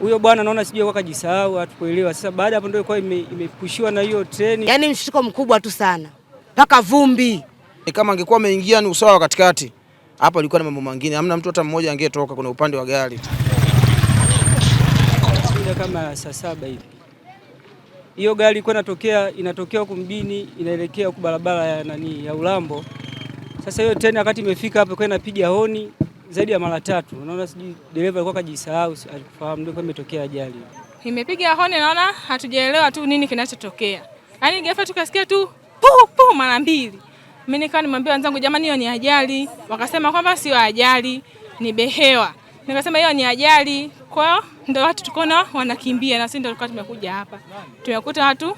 huyo bwana naona sijui kwa kajisahau, hatukuelewa. Sasa baada hapo ndio ilikuwa imepushiwa ime na hiyo treni, yaani mshtuko mkubwa tu sana mpaka vumbi. Kama angekuwa ameingia ni usawa katikati hapa, alikuwa na mambo mengine, hamna mtu hata mmoja angetoka. Kuna upande wa gari kama saa saba hivi hiyo gari ilikuwa inatokea inatokea huku mjini inaelekea huku barabara ya nani ya Ulambo. Sasa hiyo treni wakati imefika hapo ilikuwa inapiga honi zaidi ya mara tatu. Unaona, sijui dereva alikuwa kajisahau, alifahamu ndio imetokea ajali. Imepiga hone, naona hatujaelewa tu nini kinachotokea, yaani ghafla tukasikia tu pu pu mara mbili. Mimi nikawa nimwambia wenzangu, jamani, hiyo ni ajali. Wakasema kwamba sio ajali, ni behewa. Nikasema hiyo ni ajali, kwa hiyo ndio watu tukaona wanakimbia, na sisi ndio tulikuwa tumekuja hapa, tumekuta watu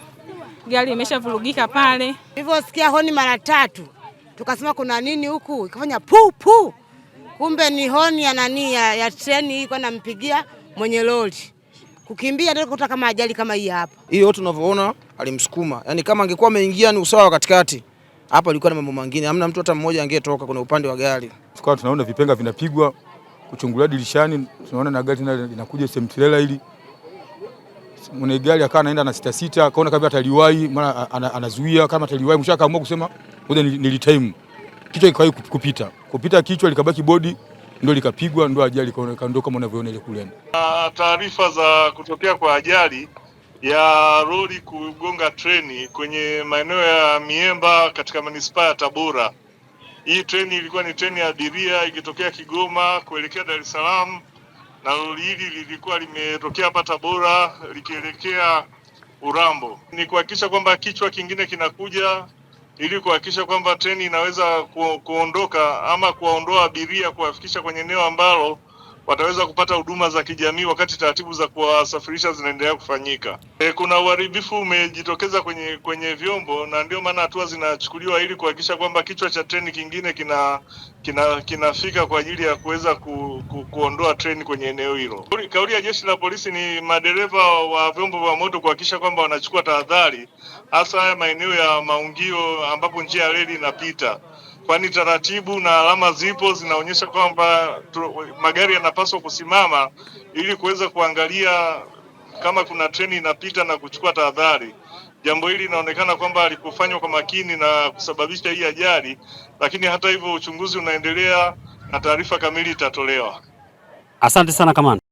gari imeshavurugika pale. Hivyo sikia honi mara tatu, tukasema kuna nini huku, ikafanya pu pu kumbe ni honi ya nani ya, ya treni hii kwa nampigia mwenye lori kukimbia ndio kuta kama ajali kama hii hapa. Hii yote unavyoona alimsukuma. Yaani kama angekuwa ameingia ni usawa katikati. Hapa alikuwa na mambo mengine. Hamna mtu hata mmoja angetoka kuna upande wa gari. Tukawa tunaona vipenga vinapigwa kuchungulia dirishani, tunaona na gari linakuja trailer hili. Mwenye gari akawa anaenda na sita sita, akaona kama ataliwahi, maana anazuia kama ataliwahi, mshaka amua kusema ngoja nilitime. Kichwa kikawahi kupita kupita kichwa likabaki bodi ndo likapigwa ndo ajali ikaonekana kama unavyoona ile kule. Taarifa za kutokea kwa ajali ya lori kugonga treni kwenye maeneo ya Miemba katika manispaa ya Tabora. Hii treni ilikuwa ni treni ya abiria ikitokea Kigoma kuelekea Dar es Salaam, na lori hili lilikuwa limetokea hapa Tabora likielekea Urambo. Ni kuhakikisha kwamba kichwa kingine kinakuja ili kuhakikisha kwamba treni inaweza ku, kuondoka ama kuwaondoa abiria kuwafikisha kwenye eneo ambalo wataweza kupata huduma za kijamii wakati taratibu za kuwasafirisha zinaendelea kufanyika. E, kuna uharibifu umejitokeza kwenye kwenye vyombo na ndio maana hatua zinachukuliwa ili kuhakikisha kwamba kichwa cha treni kingine kina kina kinafika kwa ajili ya kuweza ku, ku, kuondoa treni kwenye eneo hilo. Kauli ya jeshi la polisi ni madereva wa vyombo vya moto kuhakikisha kwamba wanachukua tahadhari, hasa haya maeneo ya maungio ambapo njia ya reli inapita kwani taratibu na alama zipo zinaonyesha kwamba magari yanapaswa kusimama ili kuweza kuangalia kama kuna treni inapita na kuchukua tahadhari. Jambo hili linaonekana kwamba alikufanywa kwa makini na kusababisha hii ajali, lakini hata hivyo uchunguzi unaendelea na taarifa kamili itatolewa. Asante sana kamanda.